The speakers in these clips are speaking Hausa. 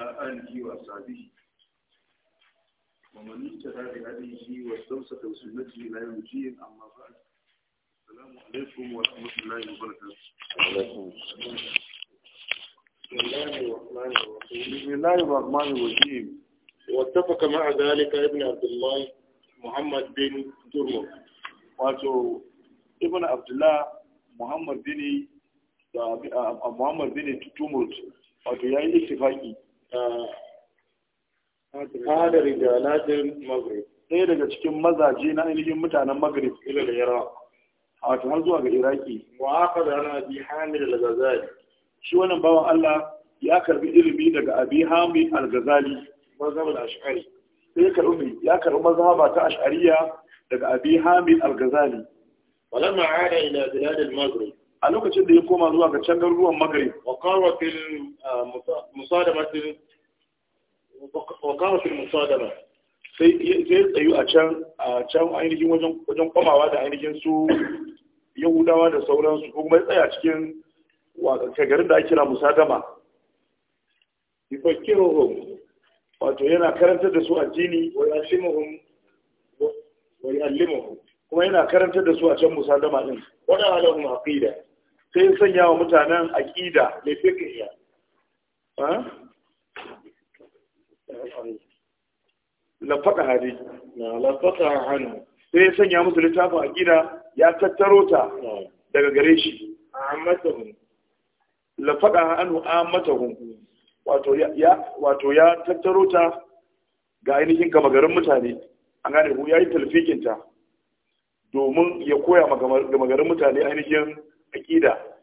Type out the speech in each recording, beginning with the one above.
al’an ji wasa bi mamanin ta zaɓi haɗin wasu naji layan ji yin amma ba a salamu alaikum wa rahmatullahi wa barka Bismillahir Rahmanir Rahim. Wattafa kama a zalika Ibn Abdullah Muhammad bin Durwa. Wato, Ibn Abdullah Muhammad bin Muhammad wato ya yi ittifaki kada rijalatin maghrib ɗaya daga cikin mazaje na ainihin mutanen maghrib ila da yara a wata har zuwa ga iraki wa aka da ana bi hamid al-ghazali shi wannan bawan Allah ya karbi ilimi daga abi hamid al-ghazali mazhab al-ash'ari sai karbi ya karbi mazhaba ta ash'ariya daga abi hamid al-ghazali walamma ada ila bilad al-maghrib a lokacin da ya koma zuwa ga can garuruwan maghrib wa qara ah, fil musadamat وقام في musadara sai zai tsayu a can a can ainihin wajen kwamawa da ainihin su yahudawa da sauransu ko kuma tsaya cikin garin da ake kira musadama yufakiruhum wato yana karantar da su addini wa yashimuhum wa yuallimuhum kuma yana karantar da su a can musadama din wada alahum aqida sai sanya wa mutanen aqida ne fiqh ya lafaka hadi na lafaka hannu sai ya sanya musu littafin aqida ya tattaro ta daga gare shi Lafaɗa lafaka hannu ammatahum wato ya wato ya tattaro ta ga ainihin gama garin mutane an gane ku yayi talfikin ta domin ya koya gama garin mutane ainihin aqida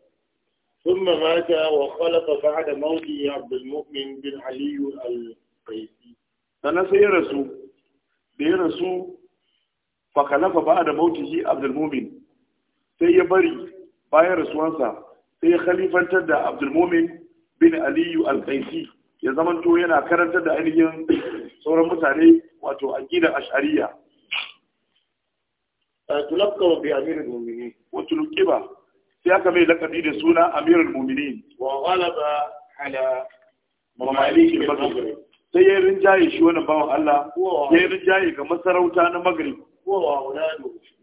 ثم مات وخلف بعد موته عبد المؤمن بن علي sannan sai ya rasu da ya rasu fakalafa ba da mautihi abdulmumin sai ya bari bayan rasuwansa sai ya khalifantar da abdulmumin bin aliyu alkaisi ya zamanto yana karantar da ainihin sauran mutane wato a ash'ariyya eh, tulaqqa bi amirul mu'minin wa tulqiba sai aka mai lakabi da suna amirin mu'minin wa ala sai ya rinjaye shi wani bawan Allah ya rinjaye ga masarauta na Maghrib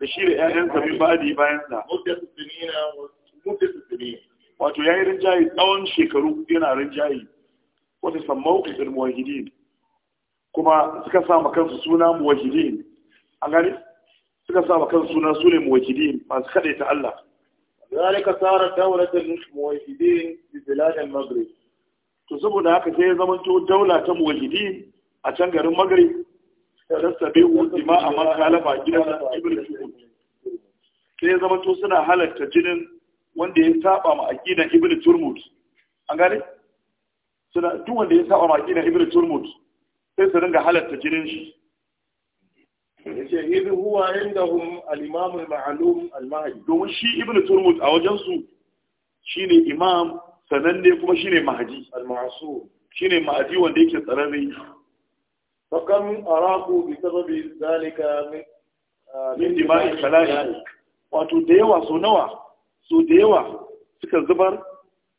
da shi da ƴaƴansa min ba'di bayan sa wato ya yi rinjaye tsawon shekaru yana rinjaye wata sammau irin muwahidin kuma suka sa ma kansu suna muwahidin a gani suka sa ma kansu suna su ne muwahidin masu kaɗai ta Allah ذلك صارت دولة الموحدين ببلاد المغرب to saboda haka sai ya to daula ta muwahidi a can garin magari ta sabi ultima a man kalafa gidan ibn sai ya to suna halarta jinin wanda ya saba ma aqidan ibn turmud an gane suna duk wanda ya saba ma aqidan ibn turmud sai su ringa halarta jinin shi yace idan huwa indahum al-imam al-ma'lum al-mahdi domin shi ibn turmud a wajen su shine imam sananne kuma shine mahadi al shine mahadi wanda yake tsararre fakam araku bi sababi zalika min ah, dima'i khala'i wato da yawa so nawa so da yawa suka zubar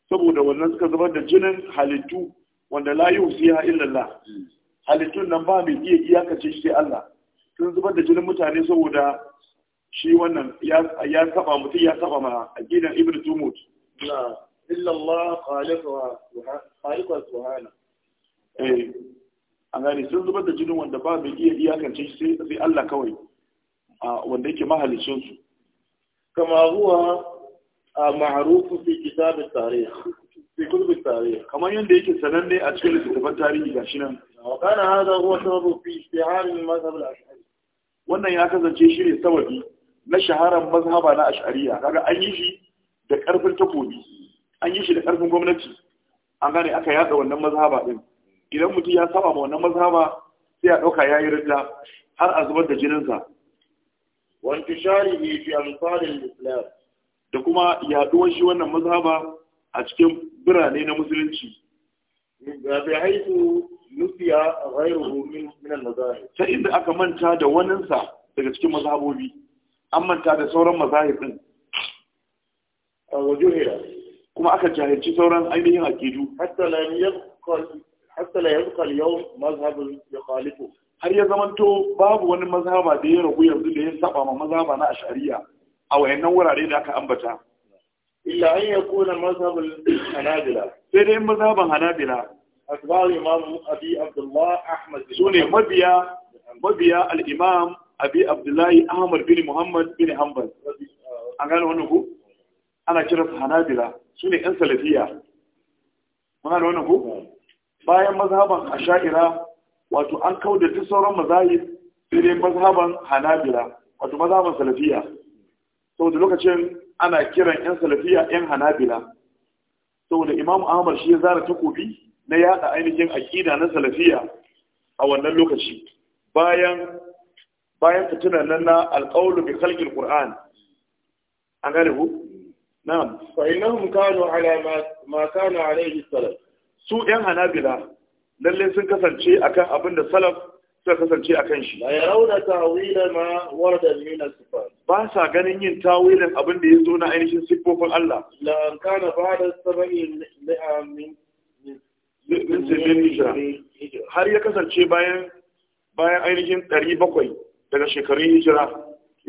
saboda wannan suka zubar da jinin halittu wanda la yusiha illa Allah hmm. halittun nan ba mai iya iyakace shi sai Allah sun zubar da jinin mutane saboda shi wannan ya saba mutum ya saba ma a gidan Ibn Tumut illa Allah khaliquha subhana eh an gane sun zubar da jinin wanda ba mai iya iyakance shi sai Allah kawai wanda yake mahalicin su kama huwa ma'rufu fi kitab at-tarikh fi kutub at-tarikh kamar yanda yake sananne a cikin littattafan tarihi gashi nan wa kana hadha huwa sababu fi istihar al-mazhab al-ash'ari wannan ya kasance shi ne sababi na shaharar mazhaba na ash'ariya kaga an yi shi da karfin takobi an yi shi da ƙarfin gwamnati an gane aka yada wannan mazhaba din idan mutum ya saba ma wannan mazhaba sai ya ɗauka ya yi rinda har a zubar da jininsa وانتشاره في أمثال islam da kuma yaduwar shi wannan mazhaba a cikin birane na musulunci ga bai nufiya min min al-mazahib ta inda aka manta da waninsa daga cikin mazhabobi an manta da sauran mazahib din a wajuhira kuma aka jahilci sauran ainihin aqidu hatta la yabqa hatta la yabqa al-yawm mazhabun yukhalifu har ya zamanto babu wani mazhaba da ya ragu yanzu da ya saba ma mazhaba na ashariya a wayannan wurare da aka ambata illa an yakuna mazhabul hanabila sai dai mazhaban hanabila asbar imam abi abdullah ahmad sune mabiya mabiya al-imam abi abdullah ahmad bin muhammad bin hanbal an gano wannan ku ana kira su hanabila su ne yan salafiya muna da wannan ko bayan mazhaban asha'ira wato an kauda duk sauran mazahib sai dai mazhaban hanabila wato mazhaban salafiya saboda lokacin ana kiran yan salafiya yan hanabila saboda Imam ahmad shi ya zara takobi na yada ainihin aqida na salafiya a wannan lokaci bayan bayan fitinan nan na alqawlu bi khalqil qur'an an gane ku na'am fa innahum kanu ala ma kana su yan hanabila lallai sun kasance akan abin da salaf suka kasance akan shi la yarawna ta'wila ma warada min as ba sa ganin yin tawilin abinda ya zo na ainihin siffofin Allah la kana ba'da sab'in min min sabbin har ya kasance bayan bayan ainihin 700 daga shekarun hijira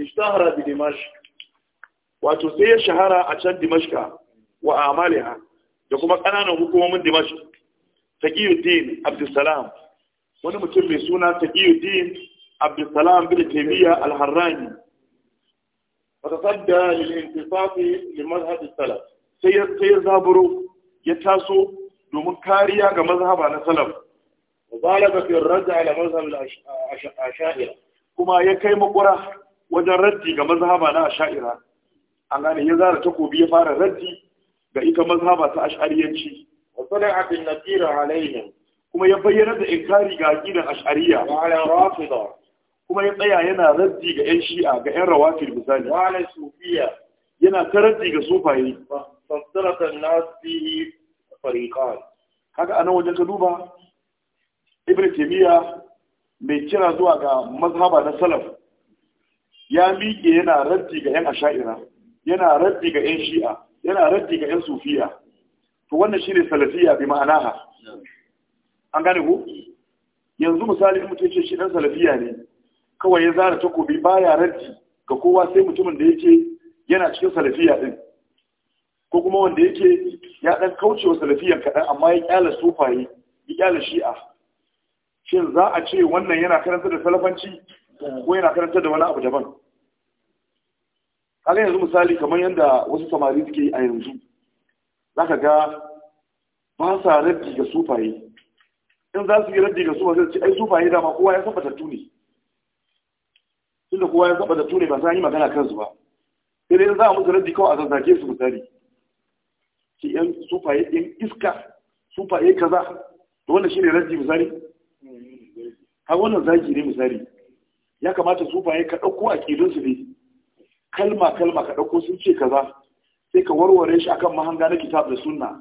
ishtahara bi dimashq wato sai ya shahara a can dimashka wa amaliha da kuma ƙananan hukumomin dimashk taqiyuddin abdussalam wani mutum mai suna taqiyuddin abdussalam bin taymiya al-harrani fatasadda lil-intisafi salaf sai ya sai zaburo ya taso domin kariya ga mazhaba na salaf mubalaga fi raja ila mazhab al kuma ya kai makura wajen raddi ga mazhaba na ash'ira an gane ya zara takobi ya fara raddi ga ita mazhaba ta ash'ariyanci wa sada'a bin nadira alaihim kuma ya bayyana da inkari ga aqidan ash'ariya wa ala rafida kuma ya tsaya yana raddi ga yan shi'a ga yan rawafil misali wa ala sufiya yana ta raddi ga sufaye fasdarata an-nas bihi fariqan kaga anan wajen ka duba ibn taymiya mai kira zuwa ga mazhaba na salaf ya miƙe yana raddi ga yan asha'ira yana raddi ga 'yan shi'a yana raddi ga 'yan sufiya to wannan shi ne salafiya bi ma'anaha an gane ku yanzu misali mutum ce shi dan salafiya ne kawai ya zara takobi baya raddi ga kowa sai mutumin da yake yana cikin salafiya din ko kuma wanda yake ya dan kaucewa salafiyan kaɗan amma ya kyala sufaye ya ƙyala shi'a shin za a ce wannan yana karanta da salafanci ko yana karanta da wani abu daban kaga yanzu misali kamar yadda wasu samari suke yi a yanzu za ka ga ba sa raddi ga sufaye in za su yi raddi ga sufaye sai ai sufaye dama kowa ya saba tattu ne tunda kowa ya saba tattu ne ba sai yi magana kansu ba sai dai za a musu raddi kawai a zazzage su misali ki yan sufaye yan iska sufaye kaza to wannan shine raddi misali har wannan zagi ne misali ya kamata sufaye ka ɗauko a su ne kalma kalma ka ɗauko sun ce kaza sai ka warware shi akan mahanga na kitab da sunna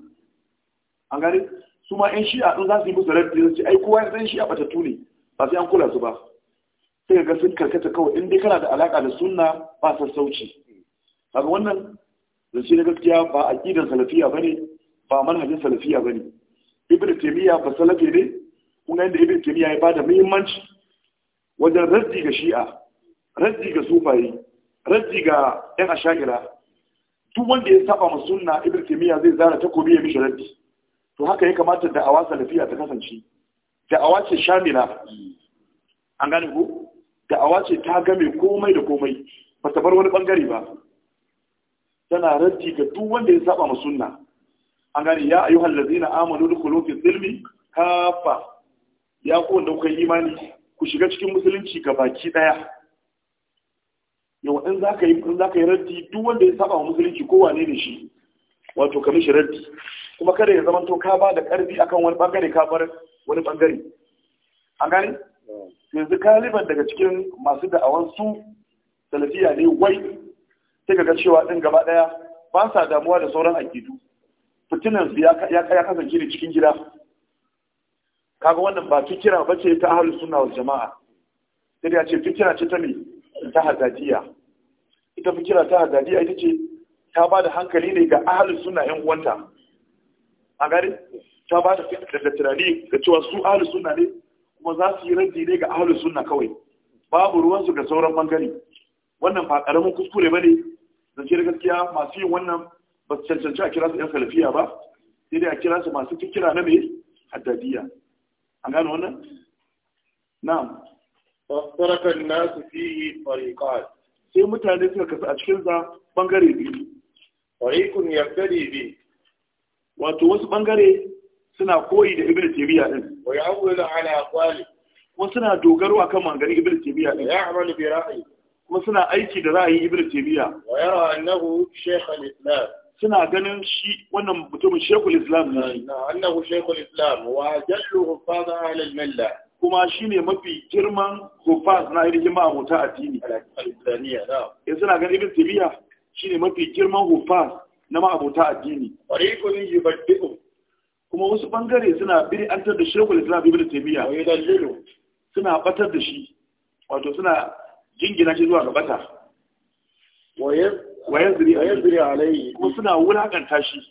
an gani su ma yan shi'a in za su yi musu rabbi sun ce ai kowa ya san shi'a batattu ne ba sai an kula su ba sai ka ga sun karkata kawai in dai kana da alaka da sunna ba sassauci kaga wannan zance na gaskiya ba ƙidan salafiya bane ba manhajin salafiya bane ibnu taymiya ba salafi ne kuma inda ibnu taymiya ya bada muhimmanci wajen raddi ga shi'a raddi ga sufaye rajji ga yan Ashagira, duk wanda ya saba wa sunna ibn taymiya zai zara takobi ya mishi raddi to haka ya kamata da awa salafiya ta kasance da awa ce shamila an gane ku da awa ce ta game komai da komai ba ta bar wani bangare ba tana raddi ga duk wanda ya saba masunna sunna an gane ya ayyuhal ladzina amanu dukhulu fi silmi kafa ya ku wanda kuka imani ku shiga cikin musulunci ga baki ɗaya. yau in za ka yi in duk wanda ya saba wa musulunci ko wane ne shi wato kamar shi raddi kuma kada ya zama to ka ba da karfi akan wani bangare ka bar wani bangare A gani yanzu kaliban daga cikin masu da'awan su salafiya ne wai sai ka ga cewa din gaba daya ba sa damuwa da sauran akidu fitinan su ya kasance ne cikin gida kaga wannan ba fikira ce ta ahlus sunna wal jama'a sai ya ce fikira ce ta me ta hazadiya ita kira ta hazadiya ita ce ta ba da hankali ne ga ahalin suna yan uwanta a gari ta ba da daga tunani ga cewa su ahalin suna ne kuma za su yi raddi ne ga ahalin suna kawai babu ruwansu ga sauran bangare wannan ba karamin kuskure ba ne zance da gaskiya masu yin wannan ba su cancanci a kira su yan salafiya ba sai dai a kira su masu fikira na mai haddadiya an gano wannan na'am fasarakan nasu fihi fariqat sai mutane suka kasu a cikin sa bangare biyu fariqun yaftadi bi wato wasu bangare suna koyi da ibnu tabiya din wa ya'malu ala aqwali kuma suna dogaro akan mangarin ibnu tabiya din ya'malu bi ra'yi kuma suna aiki da ra'ayin ibnu tabiya wa yara annahu shaykh al-islam suna ganin shi wannan mutumin shekul islam ne annahu shekul islam wa jallu hufaza ala al kuma shi ne mafi girman kufas na ainihin ma'amuta addini in suna ganin ibn tsibiya. shi ne mafi girman kufas na ma'amuta addini kuma wasu ɓangare suna biri an da shekul islam ibn tabiya suna batar da shi wato suna jingina shi zuwa ga bata wayan zuri alayhi kuma suna wulakanta shi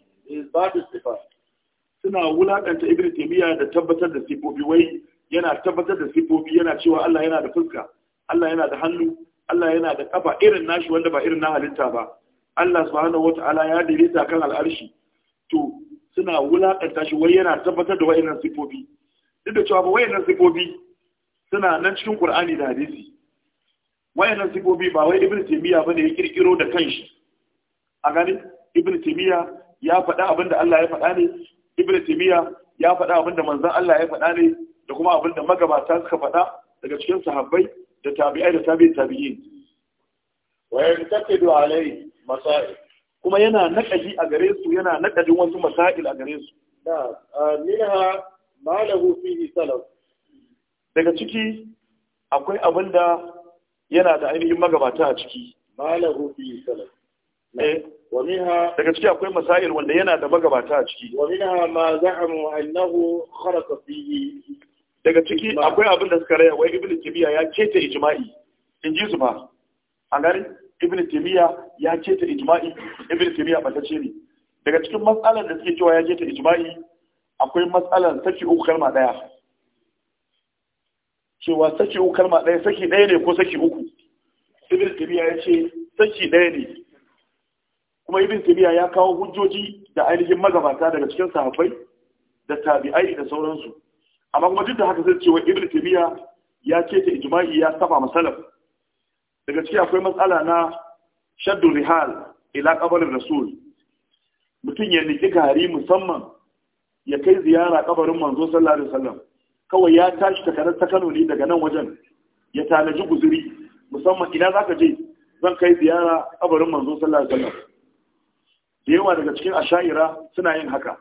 suna wulakanta ibn tabiya da tabbatar da sifofi wai yana tabbatar da sifofi yana cewa Allah yana da fuska Allah yana da hannu Allah yana da kafa irin nashi wanda ba irin na halitta ba Allah subhanahu wata'ala ya daidaita kan al'arshi to suna wulakanta shi wai yana tabbatar da wayannan sifofi duk da cewa ba wayannan sifofi suna nan cikin Qur'ani da hadisi wayannan sifofi ba wai Ibn Taymiyyah bane ya kirkiro da kanshi a gani Ibn Taymiyyah ya faɗa abinda Allah ya faɗa ne Ibn Taymiyyah ya faɗa abinda manzon Allah ya faɗa ne da kuma abin da magabata suka faɗa daga cikin sahabbai da tabi'ai da tabi'in tabi'in wa yantaqidu alai masail kuma yana naƙadi a gare su yana naƙadin wasu masail a gare su da minha ma lahu fihi salaf daga ciki akwai abin da yana da ainihin magabata a ciki ma lahu fihi salaf eh. daga ciki akwai masail wanda yana da magabata a ciki wa minha ma za'amu annahu kharaqa fihi daga ciki akwai abin da suka raya wai ibn timiya ya keta ijma'i in ji su ba a gari ibn timiya ya keta ijma'i ibn timiya ba ta ce ne daga cikin matsalar da suke cewa ya keta ijma'i akwai matsalar saki uku kalma daya cewa saki uku kalma daya saki daya ne ko saki uku ibn timiya ya ce saki daya ne kuma ibn timiya ya kawo hujjoji da ainihin magabata daga cikin sahabbai da tabi'ai da sauransu amma kuma duk da haka zai cewa ibn taymiya ya ce ta ijma'i ya saba masalaf daga ciki akwai matsala na shaddu rihal ila kabarin rasul mutum ya niki gari musamman ya kai ziyara kabarin manzo sallallahu alaihi wasallam kawai ya tashi ta ta Kano ne daga nan wajen ya tanaji guzuri musamman ina zaka je zan kai ziyara kabarin manzo sallallahu alaihi wasallam da yawa daga cikin ashaira suna yin haka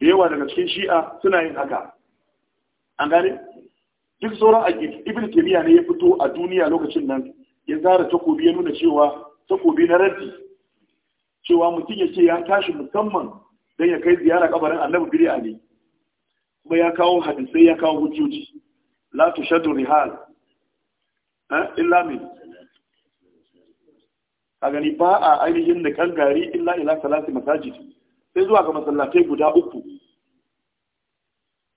da yawa daga cikin shi'a suna yin haka an gane duk sauran aƙidu ibn taymiya ne ya fito a duniya lokacin nan ya zara takobi ya nuna cewa takobi na raddi cewa mutum ya ce ya tashi musamman don ya kai ziyara kabarin annabi bid'a ne kuma ya kawo hadisai ya kawo hujjoji la tushaddu rihal ha illa min a gani ba a ainihin da kan gari illa ila salati masajid sai zuwa ga masallatai guda uku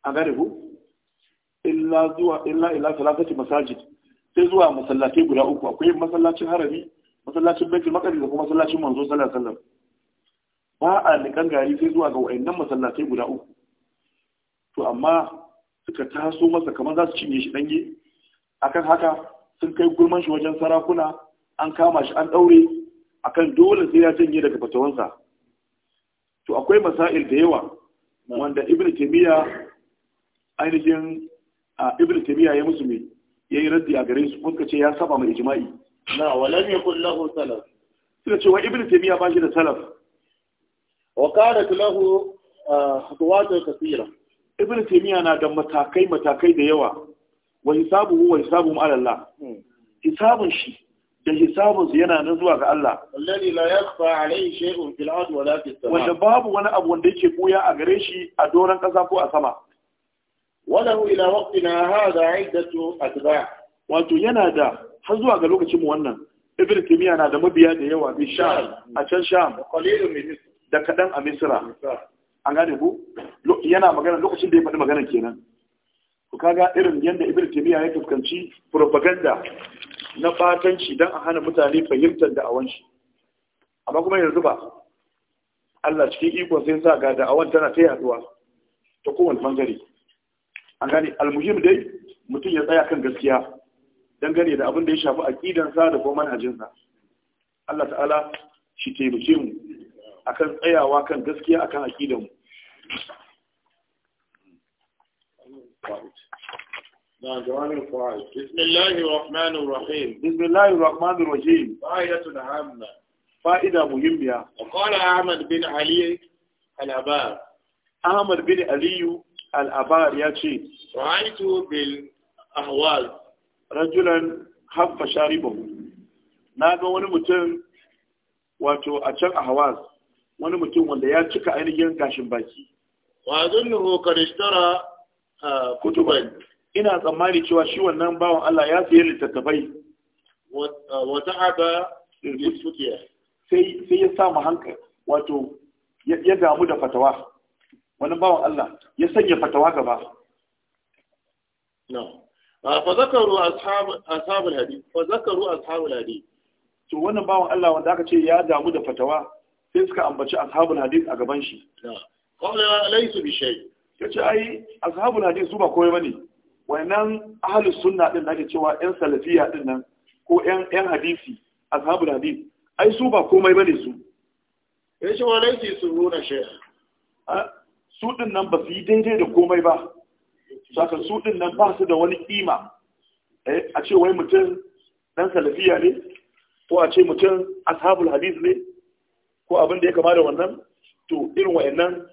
a gare ku illa zuwa illa ila salatati masajid sai zuwa masallatai guda uku akwai masallacin harami masallacin baitul maqdis da kuma masallacin manzo sallallahu alaihi wasallam ba a nikan gari sai zuwa ga wayannan masallatai guda uku to amma suka taso masa kamar za su cinye shi danye akan haka sun kai gurman shi wajen sarakuna an kama shi an daure akan dole sai ya janye daga fatawansa to akwai masail da yawa wanda ibnu taymiya ainihin a ibn taymiya ya musu me yayi raddi a gare su kuka ce ya saba mai ijma'i na walam yakul lahu salaf suka ce wa ibn taymiya ba shi da salaf wa qalat lahu khutuwatun kathira ibn taymiya na da matakai matakai da yawa wa hisabuhu wa hisabu ala Allah hmm. hisabun shi da hisabun su yana nan zuwa ga Allah. Wallahi la yakhfa alayhi shay'un fil ard wala fis sama. Wanda babu wani abu wanda yake buya a gare shi a doran kasa ko a sama. hu ila waqtina hadha iddatu atba wato yana da har zuwa ga lokacin mu wannan ibn timiya na da mabiya da yawa bi sham a can sham da kadan a misra an gane ku yana magana lokacin da ya faɗi magana kenan to kaga irin yanda ibn timiya ya fuskanci propaganda na fatanci dan a hana mutane fahimtar da awan shi amma kuma yanzu ba Allah cikin iko sai sa ga da awan tana ta yaduwa ta kowane bangare an gane almuhim dai mutum ya tsaya kan gaskiya dangane da abin da ya shafi aƙidansa da kuma manhajinsa Allah ta'ala shi taimake mu akan tsayawa kan gaskiya akan aqidan mu بسم الله الرحمن الرحيم فائدة هامة فائدة مهمة وقال أحمد بن علي الأباب أحمد بن علي al'abar ya ce ra'aitu bil ahwal rajulan haffa sharibahu na ga wani mutum wato a can ahwaz wani mutum wanda ya cika ainihin gashin baki wa zunnuhu kad kutuban ina tsammani cewa shi wannan bawan Allah ya sayi littattafai Wata haka sai sai ya sa mu hankali wato ya damu da fatawa wani bawan Allah ya sanya fatawa gaba fa zakaru ashabul hadi. fa zakaru to wannan bawan Allah wanda aka ce ya damu da fatawa sai suka ambaci ashabul hadi a gaban shi qala laysu bi shay yace ai ashabul hadith su ba koyi bane wannan ahlus sunna din nake cewa yan salafiya din nan ko yan yan hadisi ashabul hadi, ai su ba komai bane su yace wa laysu nuna shay su nan ba su yi daidai da komai ba saka su nan ba su da wani ƙima a ce wai mutum ɗan salafiya ne ko a ce mutum ashabul hadis ne ko abin da ya kama da wannan to irin wayannan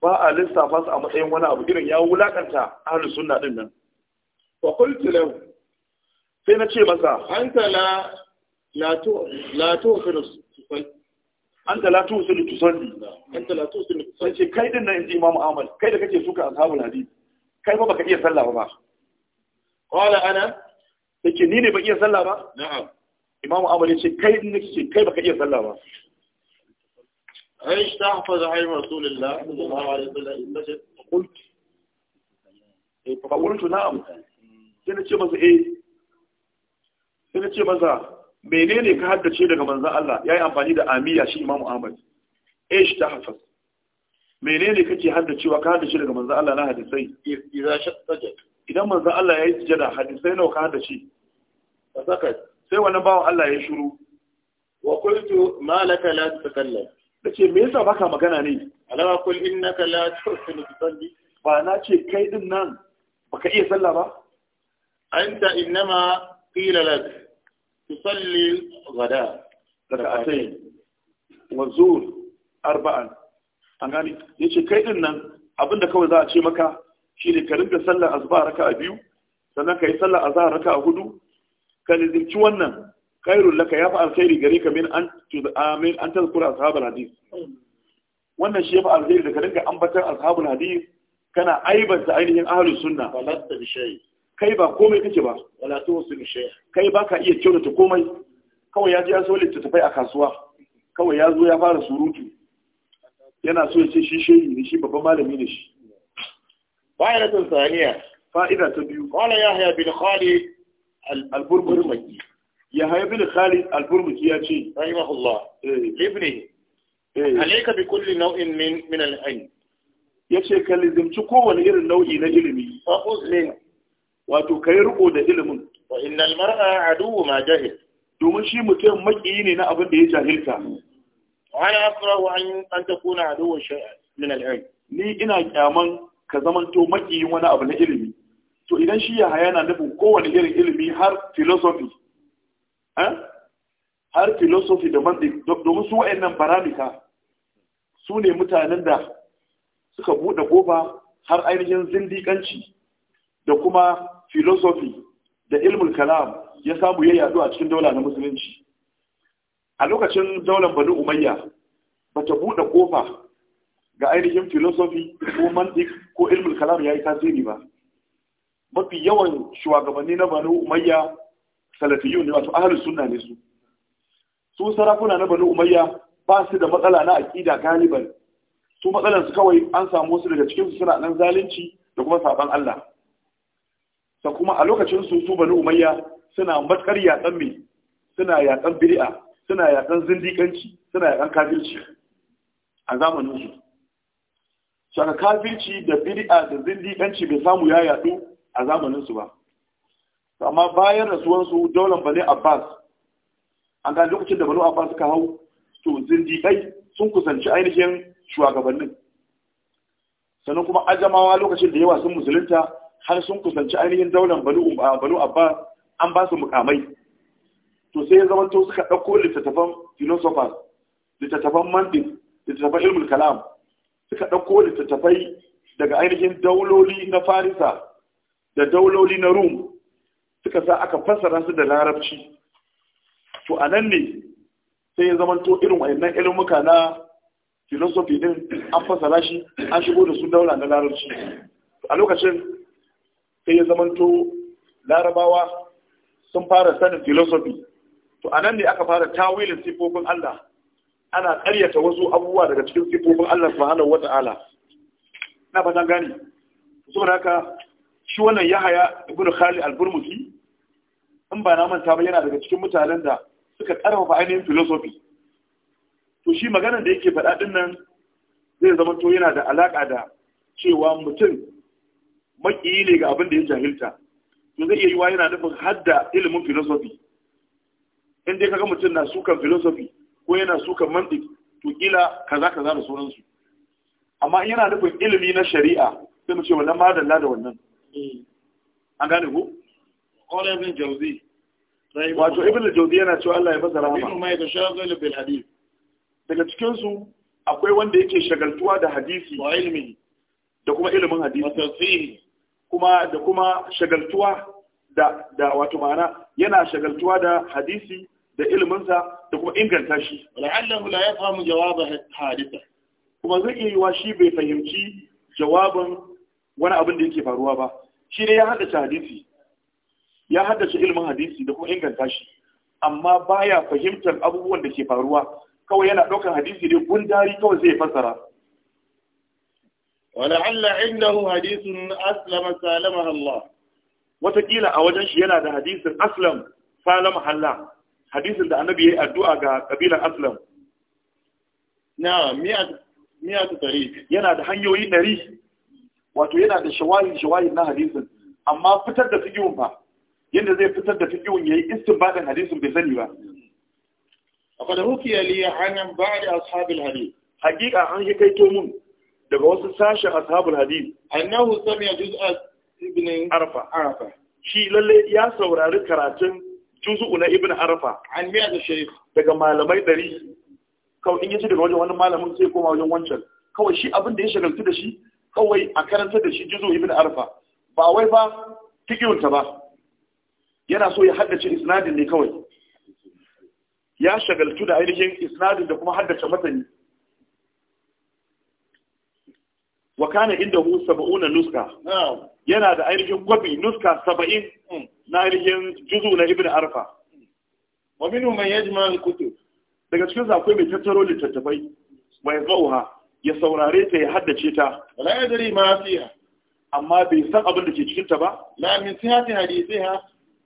ba a lissafa su a matsayin wani abu irin ya wulakanta ahlus sunna din nan fa sai na ce masa anta la la la an talatu usul tusalli an talatu usul tusalli sai kai din nan inji imam ahmad kai da kake suka ashabu hadith kai ba baka iya sallah ba qala ana take ni ne ba iya sallah ba na'am imamu amal yace kai din nake kai baka iya sallah ba ايش تحفظ عن رسول الله صلى الله عليه وسلم قلت فقلت na'am sai na ce masa eh sai na ce masa menene ka haddace daga manzan Allah ya yi amfani da amiya shi imamu ahmad ish ta hafas menene kake haddacewa ka haddace daga manzan Allah na hadisai idan manzan Allah ya yi jada, hadisai nawa ka haddace sai wannan bawan Allah ya shiru wa qultu ma laka la tatakallam ce me yasa baka magana ne alama kul innaka la tusinu tusalli ba na ce kai din nan baka iya sallah ba anta innama qila lak tusalli gada daga atai wa arba'an an gani yace kai din nan abinda kawai za a ce maka shine ka rinka sallar azba raka'a biyu sannan kai sallar azhar raka'a hudu ka lizinci wannan khairul laka ya fa alkhairi gare ka min an amin an tazkura ashabul wannan shi ya fa alkhairi da ka rinka ambatar ashabul hadith kana aibanta ainihin ahlus sunna falatta bi kai ba komai kake ba wala to wasu shay kai ba ka iya kyautata komai kawai ya je ya ta littattafai a kasuwa kawai ya zo ya fara surutu yana so ya ce shi shehi ne shi babban malami ne shi fa'idatun saniya fa'ida ta biyu qala yahya bin khalid al-burmaki yahya bin khalid al-burmaki ya ce rahimahullah eh. ibni eh. alayka bi kulli naw'in min min al-ilm yace ka lizimci kowane irin nau'i na ilimi fa uzmin wato kai riko da ilimin wa innal mar'a aduwwu ma jahil domin shi mutum maki ne na abin da ya jahilta wa ana akrahu an an takuna aduwwu shay'an min al-ilm ni ina kyaman ka to maki wani abu na ilimi to idan shi ya haya na nufin kowane irin ilimi har philosophy eh? har philosophy da mantik domin su wa'annan baramika su ne mutanen da suka buɗe ƙofa har ainihin zindikanci, da kuma Filosofi da ilmul kalam ya samu ya yadu a cikin daula na musulunci a lokacin daular banu umayya ba ta buɗe ƙofa ga ainihin filosofi ko mantik ko ilmul kalam ya yi tasiri ba mafi yawan shugabanni na banu umayya salafiyu ne wato ahlus sunna ne su su sarakuna na banu umayya ba su da matsala na aƙida galiban su matsalan su kawai an samu su daga cikin su suna nan zalunci da kuma saban Allah sa kuma a lokacin su su bani umayya suna matkar yaƙan me suna yaƙan bid'a suna yaƙan zindiƙanci suna yaƙan kafirci a zamanin su saka kafirci da bid'a da zindiƙanci bai samu ya yaɗu a zamanin su ba amma bayan rasuwar su daular bani abbas an ga lokacin da bani abbas suka hau to zindiƙai sun kusanci ainihin shugabannin sannan kuma ajamawa lokacin da yawa sun musulunta har sun kusanci ainihin daular banu abbas an ba su mukamai to sai ya zama to suka ɗauko littattafan philosophers littattafan mandin, littattafan ilmul kalam suka ɗauko littattafai daga ainihin dauloli na farisa da dauloli na rum suka sa aka fassara su da larabci to a nan ne sai ya zama to irin wayannan ilmuka na philosophy din an fassara shi an shigo da su daula na larabci a lokacin sai ya zamanto larabawa sun fara sanin philosophy to anan ne aka fara tawilin sifofin Allah ana ƙaryata wasu abubuwa daga cikin sifofin Allah subhanahu wata'ala na fatan gani da haka shi wannan Yahaya ibn khali al-Burmuki in ba na manta ba yana daga cikin mutanen da suka karfafa ainihin philosophy to shi maganar da yake faɗa din nan zai zama to yana da alaka da cewa mutum makiyi ne ga abin da ya jahilta to zai iya yiwa yana nufin hadda ilimin filosofi in dai kaga mutum na sukan filosofi ko yana sukan mantik to kila kaza kaza da sauransu amma yana nufin ilimi na shari'a sai mu ce wannan madalla da wannan hmm. an gane ku qala ibn jawzi wato ibn jawzi yana cewa Allah ya masa rahama ibn ma yatashaghalu bil hadith daga cikin su akwai wanda yake shagaltuwa da hadisi wa ilmi da kuma ilimin hadisi kuma da kuma shagaltuwa da da wato ma'ana yana shagaltuwa da hadisi da ilminsa da kuma inganta shi la'allahu la yafhamu jawaba hadisa kuma zai iya yiwa shi bai fahimci jawabin wani abin da yake faruwa ba shi ne ya haddace hadisi ya haddace ilmin hadisi da kuma inganta shi amma baya fahimtar abubuwan da ke faruwa kawai yana daukar hadisi ne gundari kawai zai fassara ولعل عنده حديث أسلم سالمها الله وتقيل أوجن شيلا ده حديث أسلم سالمها الله حديث ده النبي الدعاء قبيلة أسلم نعم مئة مئة طريق ينا ده هنيوي نري wato yana da shawayin shawayin na hadisin amma fitar da fikihun ba yadda zai fitar da fikihun yayi istinbadin hadisin bai sani ba faqad hukiya li an ba da al hadith Hakika an hikaito mun daga wasu sashen ashabul hadis annahu sami'a juz'a ibn arfa arfa shi lalle ya saurari karatun juz'u na ibn arfa an biya da sharif daga malamai dari kawai in yace daga wajen wani malamin sai koma wajen wancan kawai shi abin da ya shagaltu da shi kawai a karanta da shi juz'u ibn arfa ba wai ba tikiyunta ba yana so ya haddace isnadin ne kawai ya shagaltu da ainihin isnadin da kuma haddace matani wa kana indahu 70 nuska yana da ainihin gwabi nuska saba'in. Hmm. na ainihin juzu na ibn arfa wa minhum man yajma al-kutub daga cikin sa zakwai mai tattaro littattafai wa yazauha ya saurare ta ya haddace ta la yadri ma fiha amma bai san abin da ke cikin ta ba la min sihati hadithiha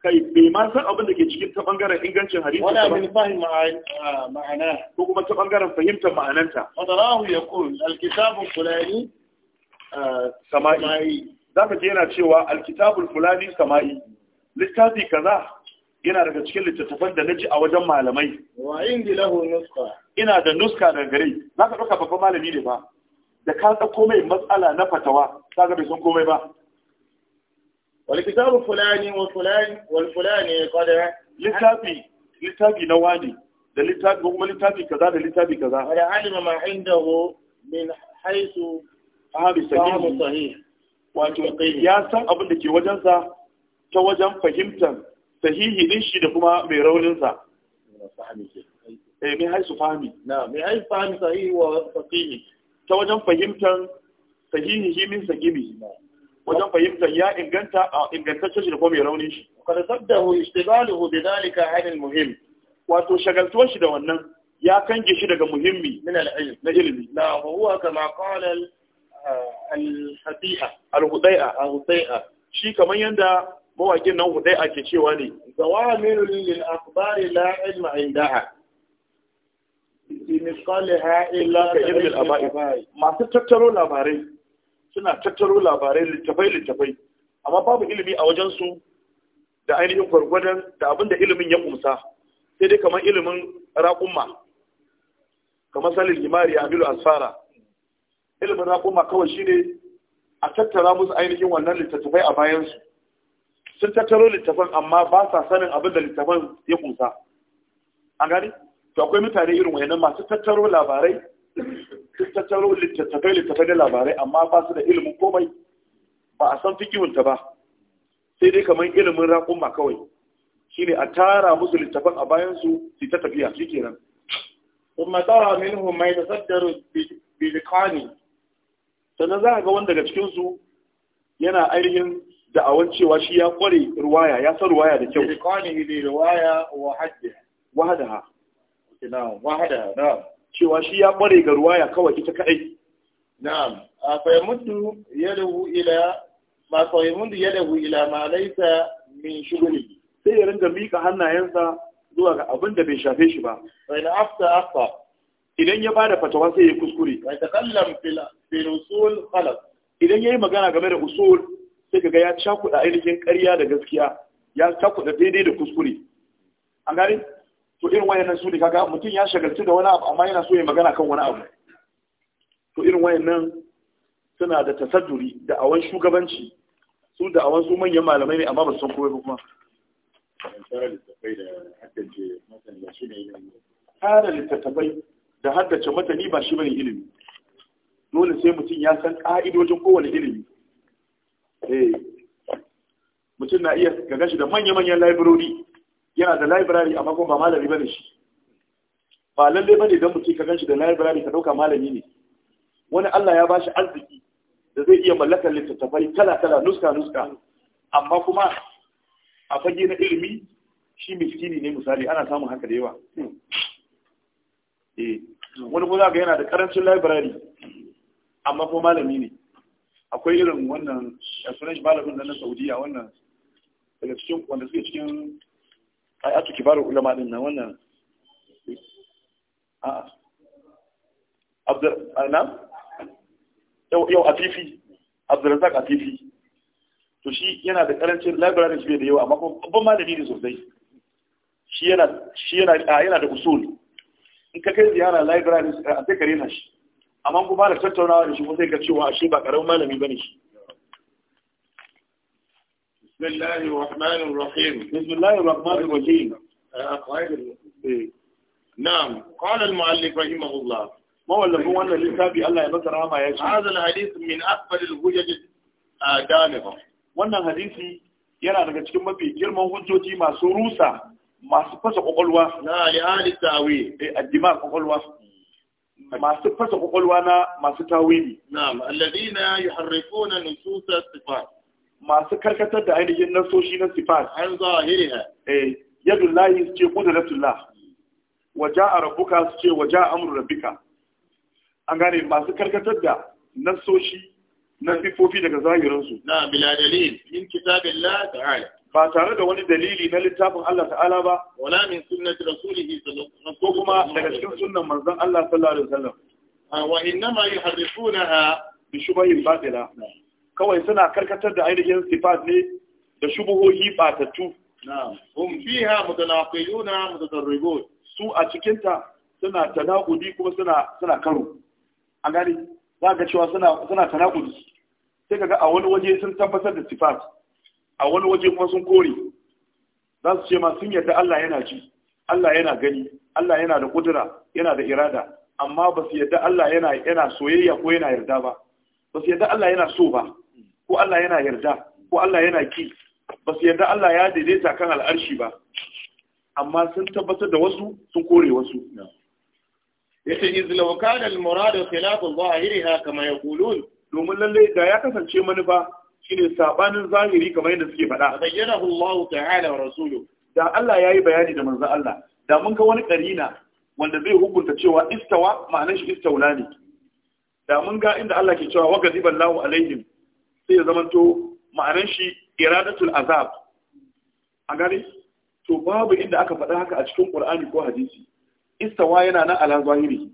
kai bai ma san abin da ke cikin ta bangaren ingancin hadisi wala min fahim ah, ma'ana ko kuma ta bangaren fahimtar ma'ananta wa tarahu yaqul al-kitab fulani sama'i za ka ce yana cewa alkitabul fulani sama'i littafi kaza yana daga cikin littattafan da naji a wajen malamai wa indi lahu nuska ina da nuska daga gare za ka ɗauka babban malami ne ba da ka ɗauko mai matsala na fatawa za ga bai san komai ba wal kitabu fulani wa fulani wal fulani qad littafi littafi na wani da littafi kuma littafi kaza da littafi kaza ala alima ma indahu min haythu fahimu sahih wato ya san abin da ke wajensa ta wajen fahimtar sahihi din shi da kuma mai raunin sa eh mai haisu fahimi na mai haisu fahimi sahihi wa sahihi ta wajen fahimtar sahihi min gimi, wajen fahimtar ya inganta a ingantaccen shi da kuma mai raunin shi kada saddahu istibaluhu bidalika hanil muhim wato shagaltuwar shi da wannan ya kange shi daga muhimmi na ilimi na huwa kama qala al-hadi'a al-hudai'a al-hudai'a shi kamar yanda mawakin nan hudai'a ke cewa ne zawamiru lil akhbari la ilma indaha masu tattaro labarai suna tattaro labarai littafai littafai amma babu ilimi a wajensu da ainihin gwargwadon da abinda ilimin ya kumsa sai dai kamar ilimin raƙumma kamar salin himari amilu asfara ilimin raƙuma kawai shi ne a tattara musu ainihin wannan littattafai a bayansu sun tattaro littafan amma ba sa sanin abin da littafan ya kusa A gani to akwai mutane irin wayannan masu tattaro labarai sun tattaro littattafai littattafai da labarai amma ba su da ilimin komai ba a san fikihunta ba sai dai kamar ilimin raƙuma kawai shine a tara musu littafan a bayansu su ta tafiya shikenan ثم ترى منهم ما يتصدر بدقان sannan za a ga wanda daga cikinsu yana ainihin da'awan cewa shi ya kware ruwaya ya san ruwaya da kyau wahadaha cewa shi ya kware ga ruwaya kawai ita kaɗai na'am fa yamuddu yadahu ila ma fa ila ma min shughli sai ya ringa mika hannayensa zuwa ga abin da bai shafe shi ba fa in afta afta idan ya bada fatawa sai ya kuskure wa takallam fil usul khalas idan yayi magana game da usul sai kaga ya cakuda ainihin ƙarya da gaskiya ya cakuda daidai da kuskure an gani to irin wayannan su ne kaga mutum ya shagaltu da wani abu amma yana so ya magana kan wani abu to irin wayannan suna da tasadduri da awan shugabanci su da awan su manyan malamai ne amma ba su san komai ba kuma tsara littattafai da haddace ni ba shi bane ilimi dole sai mutum ya san ka'idojin kowane ilimi eh mutum na iya gaga shi da manya-manyan library yana da library amma makon ba malami bane shi ba lalle bane don mutum ka ganshi da library ka dauka malami ne wani Allah ya bashi arziki da zai iya mallakar littattafai kala-kala nuska-nuska amma kuma a fage na ilimi shi miskini ne misali ana samun haka da yawa Eh, wani kuma ga yana da karancin library amma ko malami ne akwai irin wannan sunan malamin nan na saudiya wannan daga cikin wanda suke cikin ayatu kibarul ulama din nan wannan a abdur anam yau yau afifi abdurrazak afifi to shi yana da karancin library shi da yau, amma ko ban malami ne sosai shi yana shi yana yana da usul in ka kai ziyara library a eh, sai ka rena shi amma ku fara tattaunawa da shi ko sai ka cewa shi ba karamin malami bane shi bismillahir rahmanir rahim bismillahir rahmanir rahim eh, eh, na'am qala al mu'allif rahimahullah mawallafin wannan littafi Allah ya masa rahama ya ce hadha al hadith min akbar al hujaj adamiha wannan hadisi yana daga cikin mafi girman hujjoji masu rusa masu fasa kwakwalwa na alihali tawi eh addima kwakwalwa hmm. masu fasa kwakwalwa na masu tawili na'am alladhina yuharrifuna nusus as-sifat masu karkatar da ainihin nasoshi na sifat an zahiriha eh yadullahi su ce qudratullah hmm. waja rabbuka su ce waja amru rabbika an gane masu karkatar da nasoshi na sifofi daga zahirinsu na bila dalil min kitabillah ta'ala ba tare da wani dalili na littafin Allah ta'ala ba wala min sunnati rasulihi sallallahu alaihi wasallam ko kuma daga cikin sunnan manzon Allah sallallahu alaihi wasallam ah, wa innama yuharrifunaha bi shubahin batila kawai suna karkatar da ainihin sifat ne da shubuhohi batattu na'am hum fiha mutanaqiluna mutatarribun su a cikin ta suna tanakudi kuma suna suna karo A gani za ga cewa suna suna tanakudi sai kaga a wani waje sun tabbatar da sifat a wani waje kuma sun kore za su ce ma sun yarda Allah yana ji Allah yana gani Allah yana da kudura yana da irada amma ba su yarda Allah yana yana soyayya ko yana yarda ba ba su yarda Allah yana so ba ko Allah yana yarda ko Allah yana ki ba su yarda Allah ya daidaita kan al'arshi ba amma sun tabbatar da wasu sun kore wasu yace izlaw kana al-murad khilaf al zahiriha kama yaqulun domin lalle da ya kasance manufa shine sabanin zahiri kamar yadda suke faɗa bayyanahu Allah ta'ala wa rasuluhu da Allah yayi bayani da manzon Allah da mun ga wani karina wanda zai hukunta cewa istawa ma'anar shi istaula ne da mun ga inda Allah ke cewa wa Lahu alaihim sai ya zamanto ma'anar shi iradatul azab a gane to babu inda aka faɗa haka a cikin Qur'ani ko hadisi istawa yana nan ala zahiri